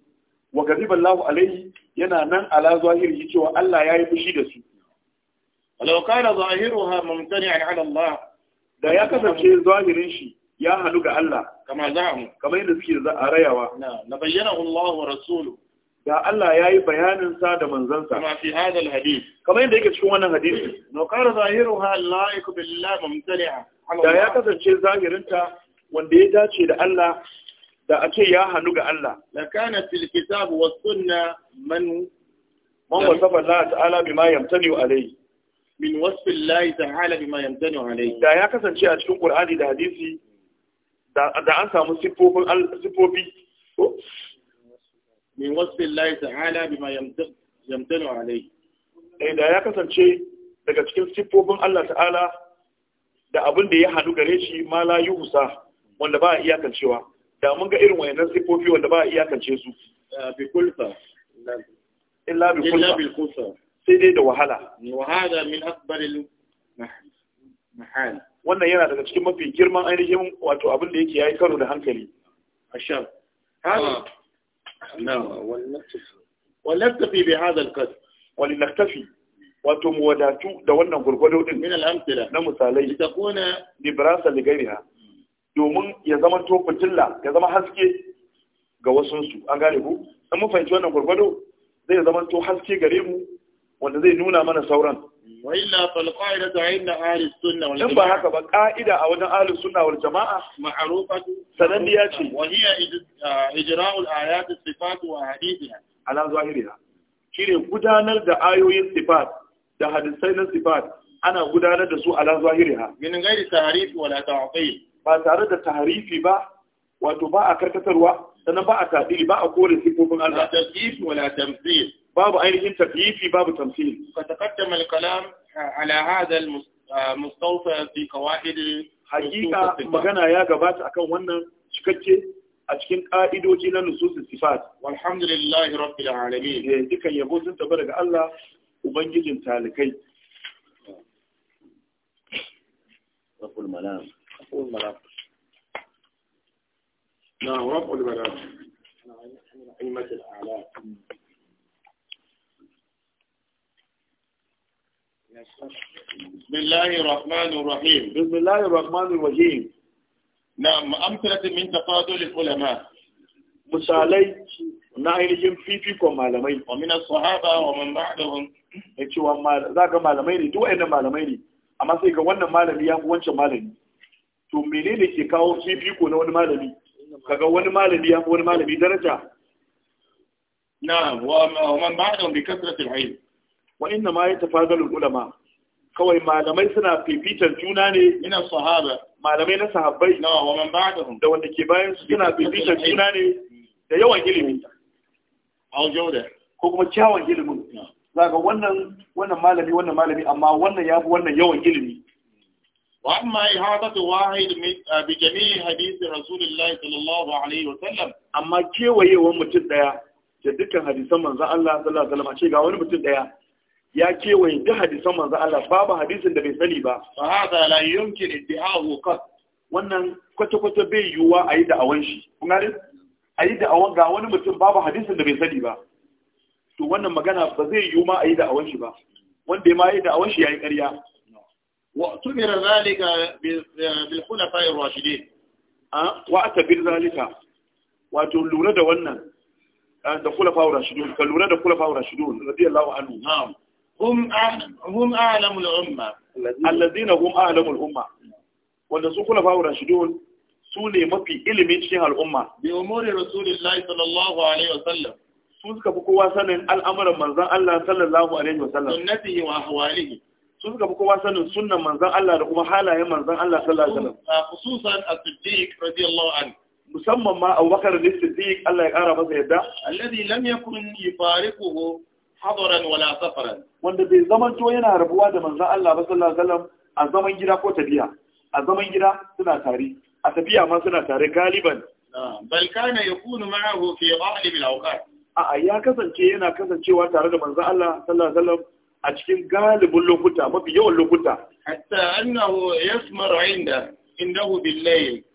wa Lahu alaihi yana nan ala zahiri cewa Allah yayi fushi da su law kana zahiruha mumtani'an 'ala Allah da ya kasance zahirin shi ya halu ga Allah kama za'amu kamar yadda suke za a rayawa na bayyana Allah wa rasulu da Allah ya yi bayanin sa da manzansa kama fi hadha alhadith kamar yadda yake cikin wannan hadisi no kana zahiruha la'iku billahi mumtani'a da ya kasance zahirin ta wanda ya dace da Allah da a ce ya hannu ga Allah la kana fil kitab wa sunna man man wasafa Allah ta'ala bima yamtani alayhi min wasfin layi ta'ala bima yamtanu alayhi da ya kasance a cikin qur'ani da hadisi da an samu siffofin siffofi min wasfin layi ta'ala bima yamtanu alayhi eh da ya kasance daga cikin siffofin Allah ta'ala da abin da ya hadu gare shi ma la wanda ba a iyakancewa da mun ga irin wayannan siffofi wanda ba a iyakance su eh, bi kulfa illa bi kulsa. sai da wahala wa hada min akbaril mahal wannan yana daga cikin mafi girman ainihin wato abin da yake yayi karo da hankali Ashar. hada ah. na wallafi bi hada alqad wallafi wato mu wadatu da wannan gurgudu din min al na misalai takuna librasa li gairiha domin ya zama to fitilla ya zama haske ga wasunsu an gane ku an mu fahimci wannan gurgudu zai zama to haske gare mu wanda zai nuna mana sauran wa illa fal qa'idatu 'inda ahli sunna wal jama'a in ba haka ba qa'ida a wajen ahli sunna wal jama'a ma'rufatu sanadiya ce wa hiya ijra'ul ayati sifat wa hadithiha ala zahiriha shine gudanar da ayoyin sifat da hadisai na sifat ana gudanar da su ala zahiriha min ghairi tahrif wala ta'til ba tare da tahrifi ba wato ba a karkatarwa sannan ba a tadili ba a kore sifofin Allah la tasdif wala tamthil باب أينهم تبيين في باب التمثيل فتقدم الكلام على هذا المستوفى في قواعد حقيقة مغانا يا قبات أكون وانا شكتش أشكين قائدو جينا نصوص الصفات والحمد لله رب العالمين ديكا يقول زنت برق الله وبنجي جنتا لكي رب الملام رب الملام نعم رب الملام أنا عايز أحمل بسم الله الرحمن الرحيم بسم الله الرحمن الرحيم نعم أمثلة من تفاضل العلماء na ainihin fifikon malamai wa min as-sahaba wa man ba'dahum yace wa zaka malamai ne duk wayannan malamai ne amma sai ga wannan malami ya wancan malami to menene ke kawo fifiko na wani malami kaga wani malami ya wani malami daraja na'am wa man ba'dahum bi kasratil ilm wa inna ma yatafadalu ulama kawai malamai suna fifitar juna ne minan sahaba malamai na sahabbai na wa man ba'dahum da wanda ke bayan su suna fifitar juna ne da yawan ilimi aw jawda ko kuma kyawun ilimin zaka wannan wannan malami wannan malami amma wannan ya fi wannan yawan ilimi wa amma ihadatu wahid ah, bi jami'i hadisi rasulullahi sallallahu alaihi wa sallam amma kewayewan mutum daya da dukkan hadisan manzon Allah sallallahu alaihi wa sallam a ce ga wani mutum daya ya kewaye duk hadisan manzo Allah babu hadisin da bai sani ba fa hada la yumkin iddi'ahu qat wannan kwata-kwata bai yiwuwa a yi awan shi kun gane a yi awan ga wani mutum babu hadisin da bai sani ba to wannan magana ba zai yiwu ma a yi awan shi ba wanda ma yi awan shi yayi ƙarya wa tumira zalika bil khulafa'ir rashidin wa atabir zalika wato lura da wannan da khulafa'ur rashidun ka lura da khulafa'ur rashidun radiyallahu anhu na'am hum hum alamul umma alladhina hum alamul umma wanda su kula fa'u rashidun su ne mafi ilimi cikin al'umma bi umuri rasulillahi sallallahu alaihi wasallam su suka fi kowa sanin al'amuran manzon Allah sallallahu alaihi wasallam sunnatihi wa ahwalihi su suka fi kowa sanin sunnan manzon Allah da kuma halayen manzon Allah sallallahu alaihi wasallam khususan as-siddiq radiyallahu anhu musamman ma Abubakar as-Siddiq Allah ya kara masa yadda alladhi lam yakun yufariquhu hadaran wala safaran wanda bai zaman to yana rabuwa da manzon Allah ba sallallahu alaihi wasallam a zaman gida ko tafiya a zaman gida suna tare a tafiya ma suna tare galiban bal kana yakunu ma'ahu fi ghalib al-awqat a ya kasance yana kasancewa tare da manzon Allah sallallahu alaihi wasallam a cikin galibin lokuta mafi yawan lokuta hatta annahu yasmaru inda indahu bil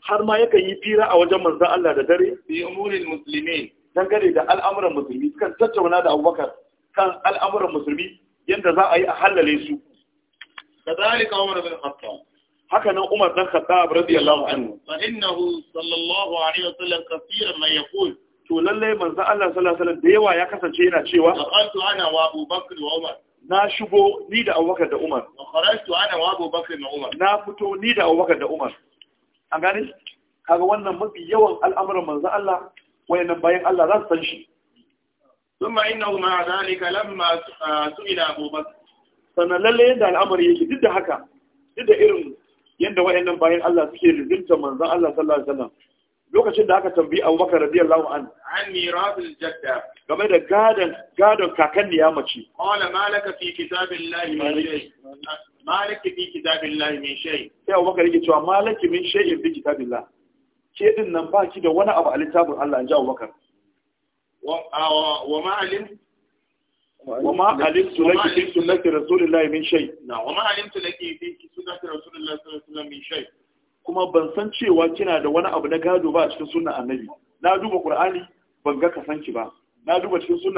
har ma yakan yi fira a wajen manzon Allah da dare bi umuril muslimin dangane da al'amuran musulmi kan tattauna da Abubakar kan al'amuran musulmi yadda za a yi a hallale su kadhalika umar bin khattab haka nan umar dan khattab radiyallahu anhu fa innahu sallallahu alaihi wasallam kaseeran ma yaqul to lallai, manzo Allah sallallahu alaihi wasallam da yawa ya kasance yana cewa aqaltu ana wa Abu Bakr wa Umar na shigo ni da Abubakar da Umar wa kharajtu ana wa Abu Bakr da Umar na fito ni da Abubakar da Umar an gane kaga wannan mafi yawan al'amuran manzo Allah wayannan bayan Allah za su san shi ثم إنه مع ذلك لما سئل أبو بكر sannan lalle yadda al'amari yake duk da haka duk da irin yadda wayannan bayan Allah suke rizinta manzon Allah sallallahu alaihi wasallam lokacin da aka tambayi Abu Bakar radiyallahu an an mirabil jadda game da gadon gadon kakan ya mace qala malaka fi kitabillahi min shay malaki fi kitabillahi min shay sai Abu Bakar yake cewa malaki min shay'in fi kitabillah ke din nan baki da wani abu a littafin Allah an ji Abu Bakar وما علمت وما علمت لك في سنة رسول الله من شيء وما علمت kuma ban san cewa kina da wani abu na gado ba a cikin sunan annabi na duba qur'ani ban ga kasanki ba ba walakin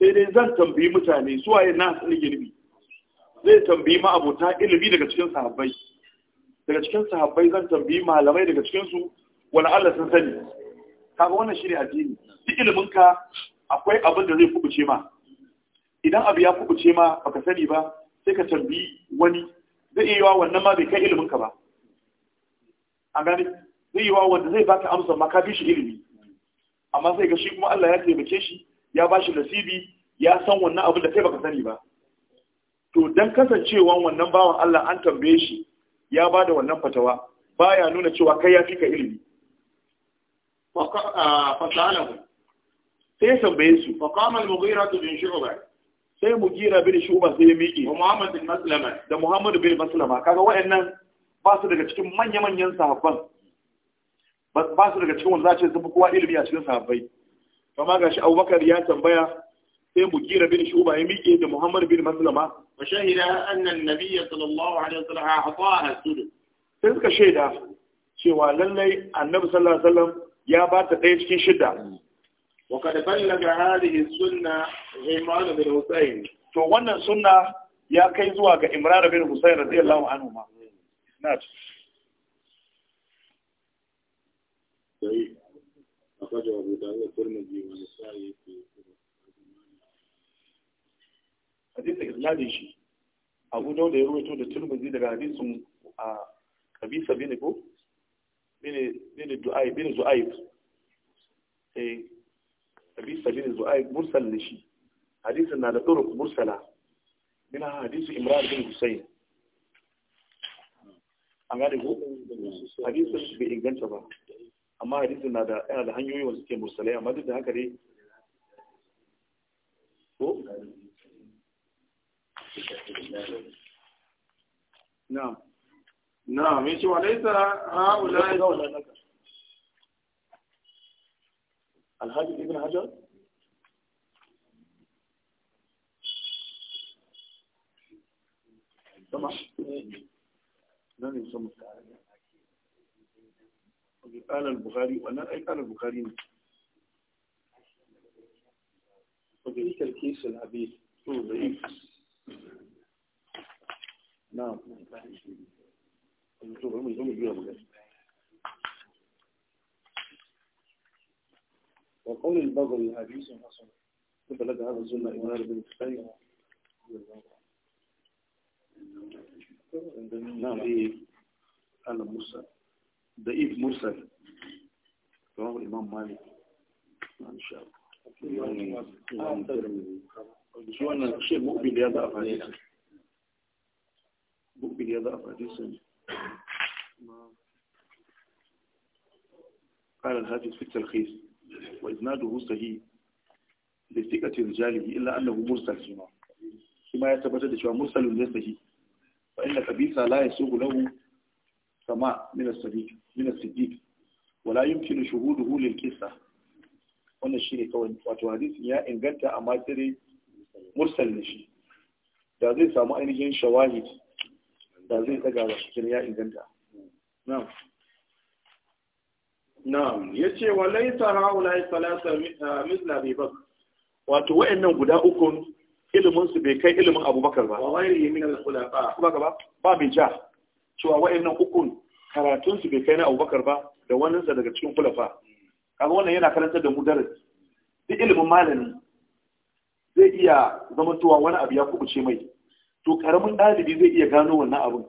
dai zan tambayi mutane su waye na sanin ilimi zai tambayi ma ilimi daga cikin sahabbai daga cikin sahabbai zan tambayi malamai daga cikin su wala Allah sun sani kaga wannan ne addini duk ilimin ka akwai abin da zai kubuce ma idan abu ya kubuce ma baka sani ba sai ka tambi wani zai iya yiwa wannan ma bai kai ilimin ka ba a gani zai wa wanda zai baka amsa ma ka bi shi ilimi amma sai ga shi kuma Allah ya taimake shi ya bashi nasibi ya san wannan abin da kai baka sani ba to dan kasancewan wannan bawan Allah an tambaye shi ya bada wannan fatawa baya nuna cewa kai ya fi ka ilimi fasalahu ah, sai ya tambaye su fa qama al-mughira bin shu'ba sai mughira bin shu'ba sai ya miƙe wa muhammad bin maslama da Muhammadu bin maslama kaga waɗannan ba su daga cikin manya-manyan sahabban ba su daga cikin wanda za a ce sun kowa ilimi a cikin sahabbai kama gashi abubakar ya tambaya sai mugira bin shuba ya miƙe da Muhammadu bin maslama wa shahida annan annabiyya sallallahu alaihi wasallam a sudud sai suka shaida cewa lallai annabi sallallahu alaihi wasallam ya ba ta ɗaya cikin shida wa kad ballaga hadhihi suna Imran bin Hussain. to wannan suna ya kai zuwa ga Imran bin zai lawa anhu ma na'am أخرجه أبو داود والترمذي والنسائي shi حديث إسنادي ya أبو da يروي تود daga hadisun a kabisa bin bin du'aib bin zu'aib eh na da turuk mursala min hadisu imran bin husayn an gane ko hadisin bai inganta ba amma hadisin na da yana da hanyoyi suke mursalai amma haka نعم يشي وليس هؤلاء الحاج ابن حجر تمام لن يسمى قال البخاري وانا اي قال البخاري وفي تركيز العبيد ضعيف نعم to bari mu zo mu biya mu gani wa qawl al-baghawi hadithun hasan تبلغ هذا الظلم إمرار بن كفاية نعم إيه أنا مرسل ضعيف مرسل رواه الإمام مالك إن شاء الله شو أنا شيء مقبل هذا أفاديس مقبل هذا أفاديس قال الحافظ في التلخيص وإذناده صحيح لثقة رجاله إلا أنه مرسل فيما فيما يتبتد شوى مرسل لسه فإن كبيسة لا يسوق له سماء من الصديق من الصديق ولا يمكن شهوده للكسة wannan shi ne kawai wato hadisin ya inganta amma sai mursal ne shi da zai samu ainihin shawahid da zai daga ba shi ya inganta na'am Ya ce, wa laysa haula salasa ah, misla bai bak wato nan guda uku ilimin su bai kai ilimin Abubakar ba wa yi min al-khulafa ba ba ba bi ja cewa nan uku karatun su bai kai na Abubakar ba da wannan sa daga cikin kulafa. kaga wannan yana karantar da mu darasi duk ilimin malamin zai iya zamantowa wani abu ya kubuce mai to karamin ɗalibi zai iya gano wannan abin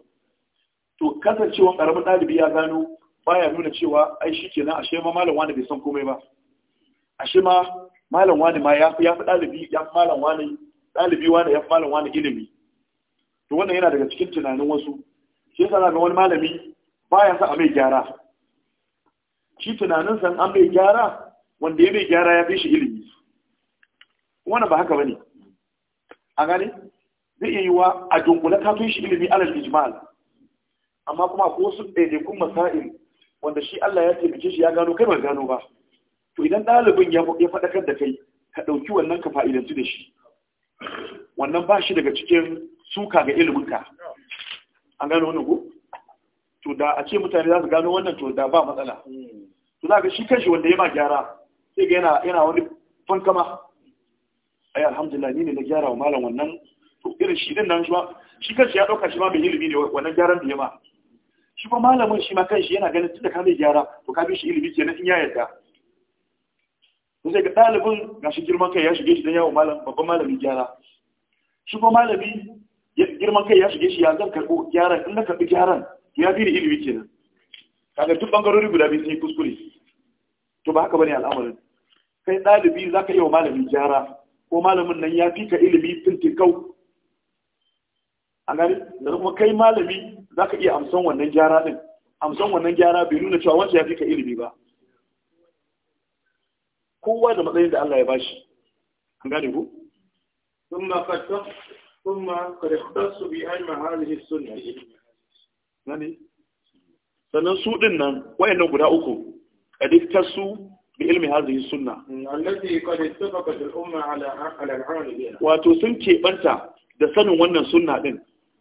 to kasancewa karamin ɗalibi ya gano baya nuna cewa ai shi nan ashe ma malam wani bai san komai ba ashe ma malam wani ma ya fi ɗalibi ya fi malam wani ɗalibi wani ya fi malam wani ilimi to wannan yana daga cikin tunanin wasu shi yasa na ga wani malami baya sa a mai gyara shi tunanin san an mai gyara wanda ya mai gyara ya fi shi ilimi wannan ba haka bane a gane zai iya wa a dunkule ka shi ilimi alal ijmal amma kuma ko su kun masail wanda shi Allah ya taimake shi ya gano kai ba gano ba to idan ɗalibin ya faɗakar da kai ka ɗauki wannan ka fa'idanci da shi wannan ba shi daga cikin suka ga iliminka an gano wannan ko to da a ce mutane za su gano wannan to da ba matsala to za ka shi kanshi wanda ya ma gyara sai ga yana wani fankama ai alhamdulillah ni ne na gyara wa malam wannan irin shi din nan shi ba shi kanshi ya dauka shi ma mai ilimi ne wannan gyaran da ya ma shi ba malamin shi ma kanshi yana ganin tunda ka mai gyara to ka bi shi ilimi ke nan in ya yarda to sai ga dalibin shi girman kai ya shige shi dan yawo malam babban malamin gyara shi ba malami girman kai ya shige shi ya zan karbo gyaran in na karbi gyaran ya bi ni ilimi kenan kaga duk bangarori guda biyu sun yi kuskure to ba haka bane al'amarin kai ɗalibi za ka yi wa malami gyara ko malamin nan ya fi ka ilimi tuntun kau a gani da kuma kai malami za ka iya amsan wannan gyara din amsan wannan gyara bai nuna cewa wancan ya fi ka ilimi ba kowa da matsayin da Allah ya bashi an gane ku ثم قد ثم قد اختص بعلم هذه السنه gani sannan su din nan wayannan guda uku qad iktasu bi ilmi hadhihi sunna hmm, allati qad ittafaqat al umma ala wato sun keɓanta da sanin wannan sunna din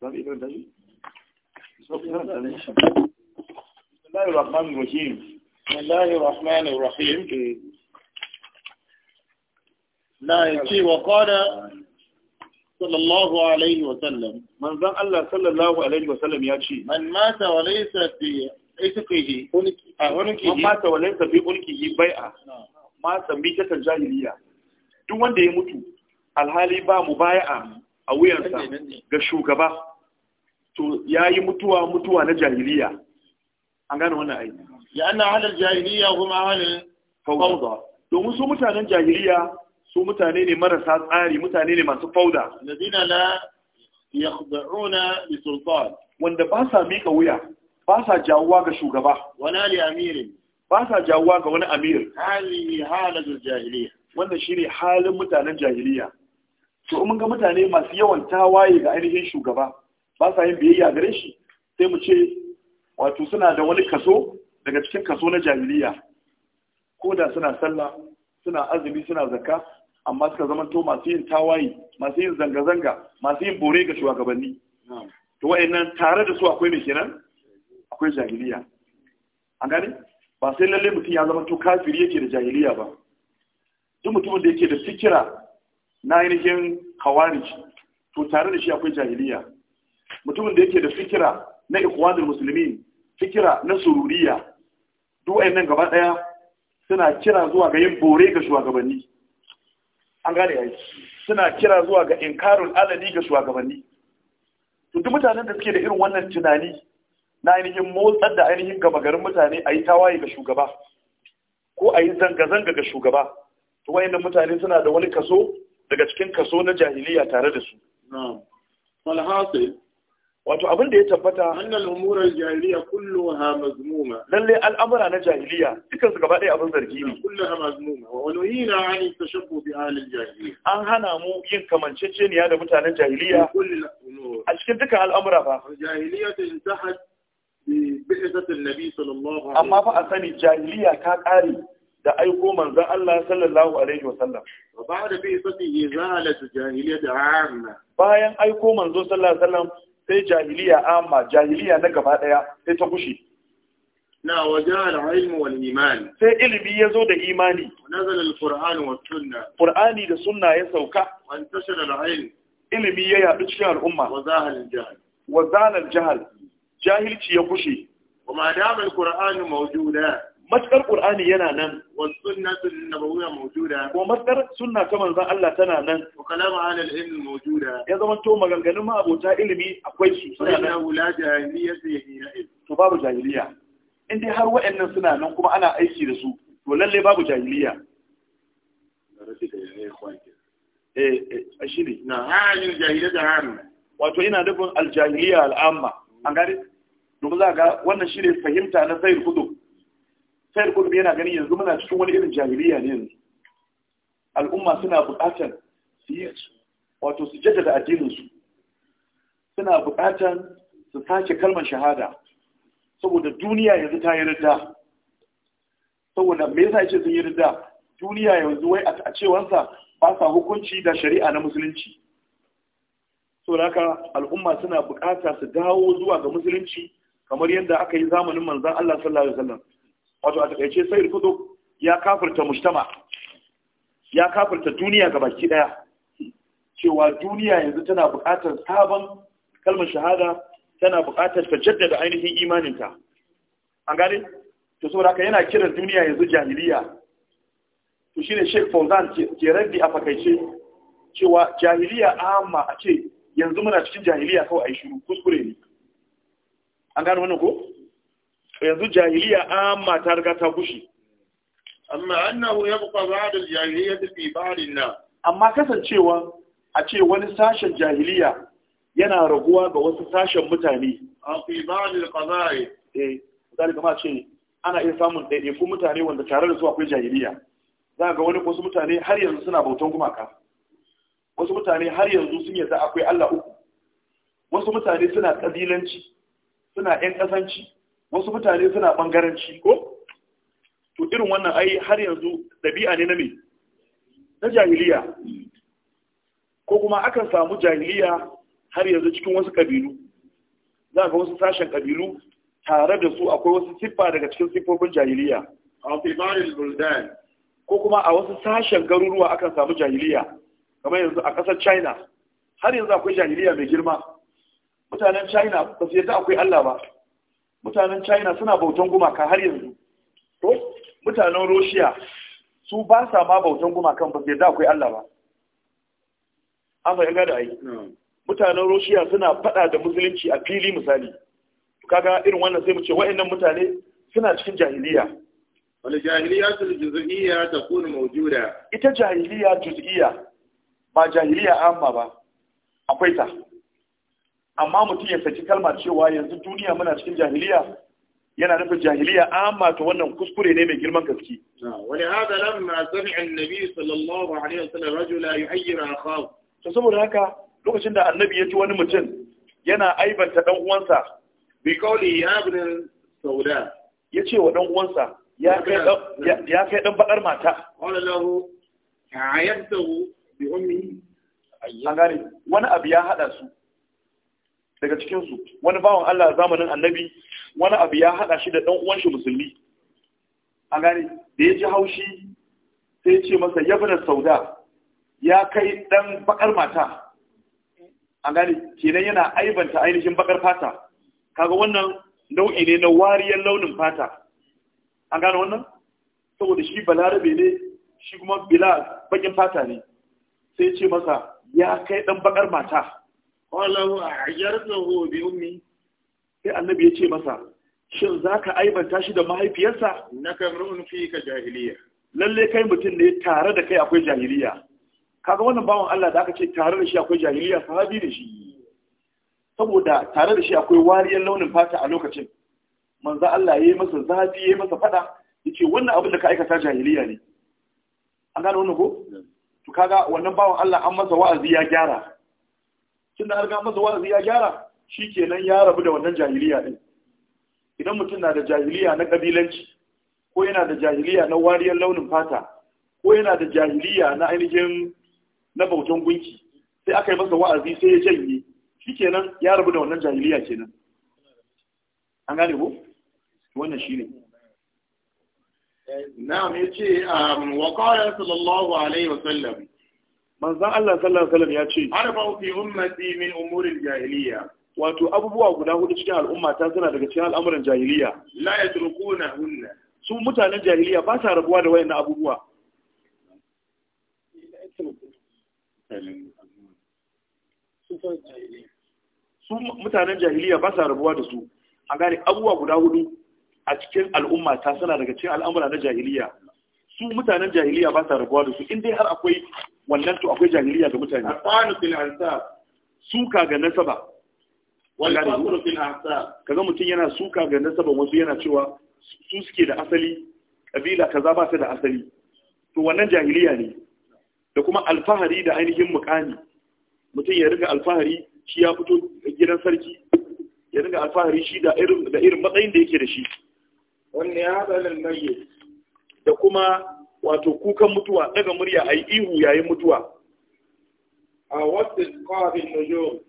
za mu iya karanta shi بسم الله الرحمن الرحيم بسم الله الرحمن الرحيم لا يجي وقال صلى الله عليه وسلم من ذن الله صلى الله عليه وسلم يجي من مات وليس في عتقه عنقه من مات وليس في عنقه بيعة ما سميت الجاهلية duk wanda ya mutu alhali ba mu baya a wuyansa ga shugaba to yi mutuwa mutuwa na jahiliya an gane wannan aiki. ya ana halar jahiliya kuma halin fauda domin su mutanen jahiliya su mutane ne marasa tsari mutane ne masu fauda Nazina la yakhda'una li sultan wanda ba sa mika wuya ba sa jawuwa ga shugaba wani ali amirin ba sa jawuwa ga wani amir hali halar jahiliya wannan shine halin mutanen jahiliya to mun ga mutane masu yawan tawaye ga ainihin shugaba ba sa yin biyayya gare shi sai mu ce wato suna da wani kaso daga cikin kaso na jahiliya ko da suna sallah suna azumi suna zakka amma suka zama to masu yin tawaye masu yin zanga-zanga masu yin bore ga shugabanni to wa'annan tare da su akwai mai kenan akwai jahiliya an gane ba sai lalle mutum ya zama to kafiri yake da jahiliya ba duk mutumin da yake da fikira na ainihin kawarici to tare da shi akwai jahiliya mutumin da yake da fikira na ikhwanul musulmi fikira na sururiya duk nan gaba daya suna kira zuwa ga yin bore ga shugabanni an gane yayi suna kira zuwa ga inkarul alali ga shugabanni duk mutanen da suke da irin wannan tunani na ainihin motsar da ainihin gama garin mutane a yi tawaye ga shugaba ko a yi zanga-zanga ga shugaba to nan mutane suna da wani kaso daga cikin kaso na jahiliya tare da su. Na'am. Walhasil wato abin da ya tabbata annal umurar jahiliya kulluha mazmuma lalle al'amura na jahiliya dukan su gaba ɗaya abin zargi ne kulluha mazmuma wa wanuhina an tashabbu bi ahli jahiliya an hana mu yin kamanceceniya da mutanen jahiliya a cikin duka al'amura ba jahiliya ta intahat bi bi'sati annabi sallallahu alaihi amma fa a sani jahiliya ta kare da aiko manzon Allah sallallahu alaihi wa sallam ba da bi'sati zahalat jahiliya da amma bayan aiko manzo sallallahu alaihi wa sallam sai jahiliya amma jahiliya na gaba daya sai ta gushe na waje al wal iman sai ilimi ya zo da imani nazala al-qur'an wa sunna qur'ani da sunna ya sauka wa intashara al-ilm ilimi ya yadu cikin al'umma wa zahal al-jahl wa jahilci ya gushe wa ma dama al-qur'an mawjuda matukar qur'ani yana nan wa sunnatu nabawiyya ta manzan Allah tana nan wa kalamu ala al-ilm ya zama to maganganun ma abota ilimi akwai su suna nan la jahiliya to babu jahiliya in dai har wa'annan suna nan kuma ana aiki da su to lalle babu jahiliya eh eh shi na halin jahiliya da hannu wato ina nufin aljahiliya al'amma an gane domin za ga wannan shi ne fahimta na sayar kudu sai da yana ganin yanzu muna cikin wani irin jahiliya ne yanzu al'umma suna buƙatar su yi wato su jaddada addininsu suna buƙatar su sace kalmar shahada saboda duniya yanzu ta yi rida saboda me yasa yace sun yi rida duniya yanzu wai a cewansa ba sa hukunci da shari'a na musulunci saboda al'umma suna buƙata su dawo zuwa ga musulunci kamar yadda aka yi zamanin manzon Allah sallallahu alaihi wasallam wato a takaice sai rufudu ya kafirta mujtama ya kafirta duniya ga baki daya cewa duniya yanzu tana buƙatar sabon kalmar shahada tana buƙatar ta jaddada ainihin imaninta an gane to saboda haka yana kiran duniya yanzu jahiliya to shine Sheikh Fauzan ke raddi a fakaice cewa jahiliya amma a ce yanzu muna cikin jahiliya kawai a yi shiru kuskure ne an gane wannan ko yanzu jahiliya amma ta riga ta gushi amma annahu yabqa ba'd al-jahiliyyah fi ba'd amma kasancewa a ce wani sashen jahiliya yana raguwa ga wasu sashen mutane a fi ba'd al-qada'i eh zalika kama ce ana iya samun ku mutane wanda tare da su akwai jahiliya za ga wani wasu mutane har yanzu suna bautan gumaka wasu mutane har yanzu sun yarda akwai Allah uku wasu mutane suna kabilanci suna ƴan ƙasanci wasu mutane suna ɓangaranci, ko to irin wannan ai har yanzu ɗabi'a ne na me na jahiliya ko kuma akan samu jahiliya har yanzu cikin wasu ƙabilu za ga wasu sashen ƙabilu tare da su akwai wasu siffa daga cikin siffofin jahiliya ko kuma a wasu sashen garuruwa akan samu jahiliya kamar yanzu a ƙasar china har yanzu akwai jahiliya mai girma mutanen china ba su yadda akwai allah ba mutanen china suna bautan gumaka har yanzu to mutanen russia su ba sa ma bautan gumakan ba sai da akwai allah ba an fahimta da ai hmm. mutanen russia suna fada da musulunci a fili misali kaga irin wannan sai mu ce wa'annan mutane suna cikin jahiliya jahiliya jahiliyatu juz'iyya kuna maujuda? ita jahiliya juz'iyya ba jahiliya amma ba akwai ta amma mutum ya saki kalmar cewa yanzu duniya muna cikin jahiliya yana nufin jahiliya amma to wannan kuskure ne mai girman gaske wani hada lamma sami annabi sallallahu alaihi wasallam rajula yuhayyira akhahu to saboda haka lokacin da annabi ya ji wani mutum yana aibanta dan uwansa bi qawli ya ibn sauda yace wa dan uwansa ya kai ya kai dan fadar mata qala lahu ta'ayyatu bi ummi an wani abu ya hada su daga cikinsu wani bawan Allah zamanin annabi wani abu ya haɗa shi da ɗan'uwan shi musulmi a gani da ya ji haushi sai ce masa da sauda ya kai ɗan bakar mata a gani kenan yana aibanta ainihin bakar fata kaga wannan nau'i ne na wariyar launin fata a gane wannan saboda shi balarabe ne shi kuma bila bakin fata ne sai ce masa ya kai ɗan bakar mata Ƙwalawa a yarzaho bi ummi sai annabi ya ce masa, shin za ka aibanta shi da mahaifiyarsa? Na kamrun fi ka jahiliya. Lalle kai mutum ne tare da kai akwai jahiliya. Kaga wannan bawan Allah da aka ce tare da shi akwai jahiliya sahabi da shi. Saboda tare da shi akwai wariyar launin fata a lokacin. Manzo Allah ya yi masa zafi ya yi masa fada ya ce wannan abin da ka aikata jahiliya ne. An gane wannan ko? To kaga wannan bawan Allah an masa wa'azi ya gyara. tunda har ga masa wa'azi ya gyara shi kenan ya rabu da wannan jahiliya din idan mutum na da jahiliya na kabilanci ko yana da jahiliya na wariyar launin fata ko yana da jahiliya na ainihin na bautan gunki sai aka yi masa wa'azi sai ya janye shi kenan ya rabu da wannan jahiliya kenan an gane ko wannan shi ne na'am ya ce um, wa qala sallallahu alaihi wa sallam manzan Allah sallallahu alaihi wasallam ya ce arba fi ummati min umuril jahiliya wato abubuwa guda hudu cikin al'umma ta suna daga cikin al'amuran jahiliya la yatrukuna hunna su mutanen jahiliya ba sa rabuwa da wayannan abubuwa su mutanen jahiliya ba sa rabuwa da su a gane abubuwa guda hudu a cikin al'umma ta suna daga cikin al'amura na jahiliya su mutanen jahiliya ba sa rabuwa da su in dai har akwai wannan to akwai jahiliya ga mutane asanu fil suka ga nasaba da faqru fil ansab kaga mutun yana suka ga nasaban wasu yana cewa su suke da asali kabila kaza ba ta da asali to wannan jahiliya ne da kuma alfahari da ainihin mukami mutum ya riga alfahari shi ya fito gidan sarki ya riga alfahari shi da irin matsayin da yake da shi wannan ya hada lal mayyit da kuma wato kukan mutuwa daga murya a yi ihu yayin mutuwa a wasu da najo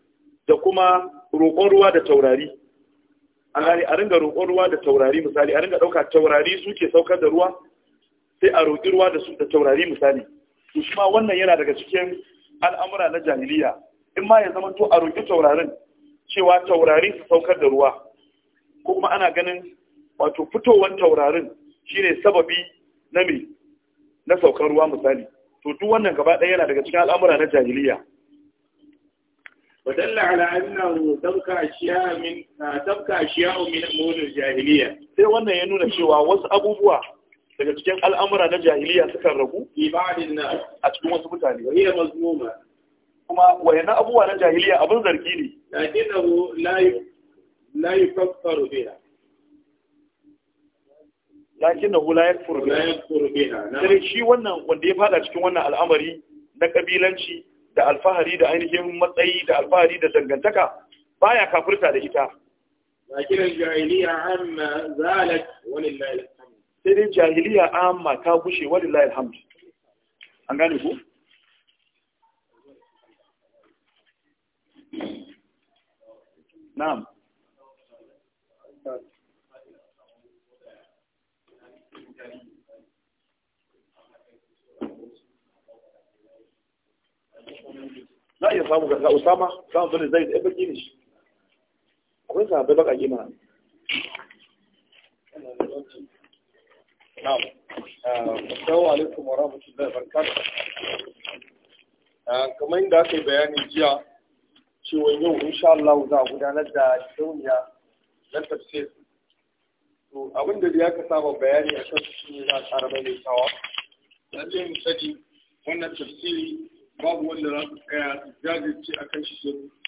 da kuma roƙon ruwa da taurari alhari a ringa roƙon ruwa da taurari misali a ringa ɗauka taurari suke saukar da ruwa sai a roƙi ruwa da su da taurari misali to wannan yana daga cikin al'amura na jahiliya in ma ya zama to a roƙi taurarin cewa taurari su saukar da ruwa ko kuma ana ganin wato fitowar taurarin shine sababi na me na saukar ruwa misali to duk wannan gaba ɗaya yana daga cikin al'amura na jahiliya wadalla ala annahu tabka ashiya min tabka ashiya min umurul jahiliya sai wannan ya nuna cewa wasu abubuwa daga cikin al'amura na jahiliya suka ragu a cikin wasu mutane wani mazmuma kuma na abubuwa na jahiliya abin zargi ne lakinnahu la la yufakkaru biha lakin nahu la yakfur biha sai shi wannan wanda ya fada cikin wannan al'amari na kabilanci da alfahari da ainihin matsayi da alfahari da dangantaka baya kafirta da ita lakin jahiliya amma zalat walillahi alhamd sai dai jahiliya amma ta gushe walillahi alhamd an gane ku na'am Za a iya samu ga Usama samu bin Zaid ibn Gini akwai bai baka gima na'am eh, assalamu alaikum wa rahmatullahi wa barakatuh eh, kamar inda aka yi bayani jiya cewa yau insha Allah za a gudanar da dauniya na tafsir to abin da ya ka saba bayani a kan shi ne za tsara mai tawa lallai mu sani wannan tafsiri babu wanda za su tsaya su jajirce a kan